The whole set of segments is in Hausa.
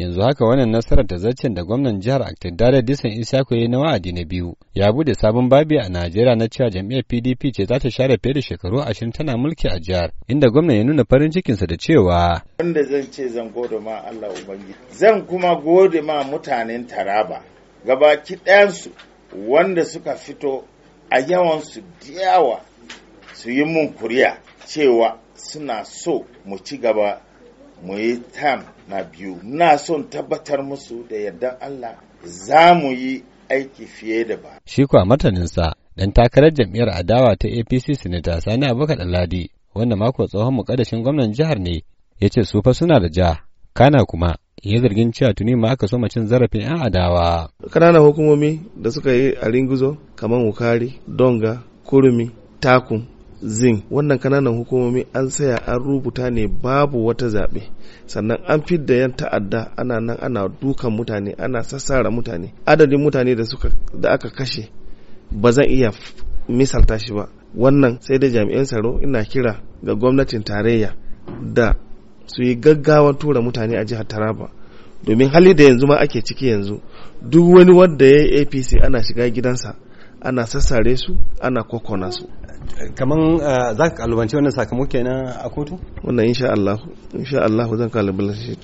yanzu haka wannan nasarar ta zaccen da gwamnan jihar Aktidare Disan Isyaku ya na wa'adi na biyu ya bude sabon babi a Najeriya na cewa jam'iyyar PDP ce za ta share fiye da shekaru ashirin tana mulki a jihar inda gwamnan ya nuna farin cikinsa da cewa wanda zan ce zan gode ma Allah ubangiji zan kuma gode ma mutanen Taraba gabaki ɗayansu wanda suka fito a yawan su diyawa su yi mun kuriya cewa suna so mu ci gaba mu yi tam na biyu muna son tabbatar musu da yardan Allah za mu yi aiki fiye da ba. Shi kuwa martaninsa ɗan takarar jam'iyyar adawa ta APC Sinita Sani Abubakar Ladi wanda mako tsohon mukaddashin gwamnan jihar ne ya ce su fa suna da ja kana kuma ya zargin cewa tuni ma aka so cin zarafin 'yan adawa. Kananan hukumomi da suka yi a ringizo kamar wukari, donga, kurumi, takun zin wannan kananan hukumomi an saya an rubuta ne babu wata zaɓe sannan an fidda yan ta'adda ana nan ana dukan mutane ana sassara mutane adadin mutane da suka da aka kashe ba zan iya misalta shi ba wannan sai da jami'an tsaro ina kira ga gwamnatin tarayya da su yi gaggawan tura mutane a jihar taraba domin hali da yanzu ma ake ciki yanzu duk wani wanda ya yi apc ana shiga gidansa ana sassare su ana kokona su kaman eh, za ka kalubanci wannan sakamako kenan a kotu wannan insha Allah insha Allah zan kalubalanci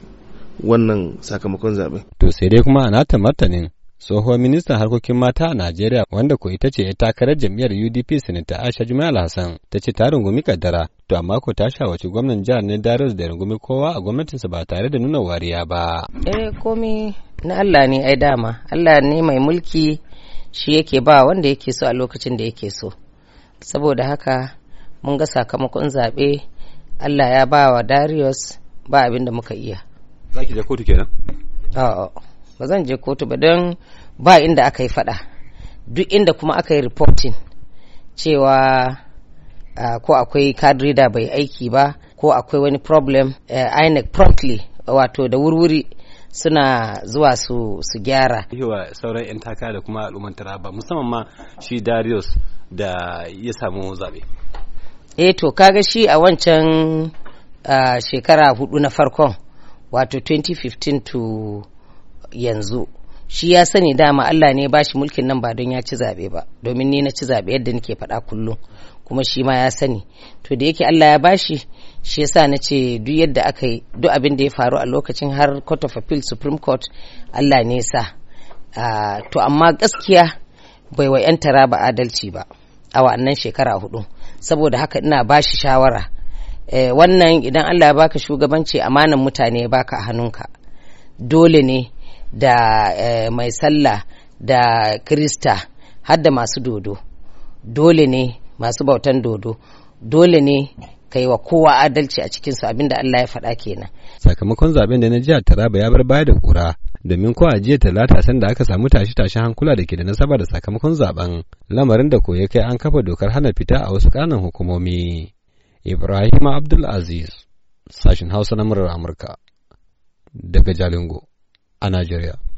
wannan sakamakon zaɓe. to sai dai kuma ana nata martanin tsohuwar ministan harkokin mata a Najeriya wanda ko ita ce ya takarar jam'iyyar UDP Sanata Aisha Jumal Hassan ta ce ta rungumi kaddara to amma ko ta shawarci gwamnan jihar ne Darius da rungumi kowa a gwamnatinsa ba tare da nuna wariya ba. Eh komi na Allah ne ai dama Allah ne mai mulki shi yake ba wanda yake so a lokacin da yake so saboda haka mun ga sakamakon zaɓe allah ya ba wa darius ba abin da muka iya za ki je kotu kenan ba zan je kotu ba don ba inda aka yi faɗa duk inda kuma aka yi reporting cewa ko akwai card reader bai aiki ba ko akwai wani problem uh, inec promptly wato da wurwuri suna zuwa su su gyara yiwa sauran yan taka da kuma al'umman taraba musamman ma shi Darius da ya samu zabe eh to kaga shi a wancan shekara hudu na farkon wato 2015 to yanzu shi ya sani dama Allah ne ba shi mulkin nan ba don ya ci zaɓe ba domin ni na ci zaɓe yadda nake faɗa kullum kuma shi ma ya sani to da yake Allah ya bashi shi yasa na ce duk yadda aka yi duk abin da ya faru a lokacin har court of appeal supreme court Allah ne sa to amma gaskiya bai wa 'yan taraba adalci ba a wannan shekara hudu saboda haka ina bashi shawara e, wannan idan Allah ya baka shugabanci amanan mutane ya baka a hannunka dole ne da e, mai sallah da krista har da masu dodo dole ne masu bautan dodo dole ne ka yi wa kowa adalci a cikinsu abinda Allah ya faɗa kenan. Sakamakon zaben da na jiya Taraba ya bar baya da kura domin ko a jiya talata sanda aka samu tashe-tashen hankula da ke da nasaba da sakamakon zaben lamarin da koya kai an kafa dokar hana fita a wasu ƙananan hukumomi. Ibrahim Abdul Aziz, sashen Hausa na murar Amurka, daga Jalingo, a Najeriya.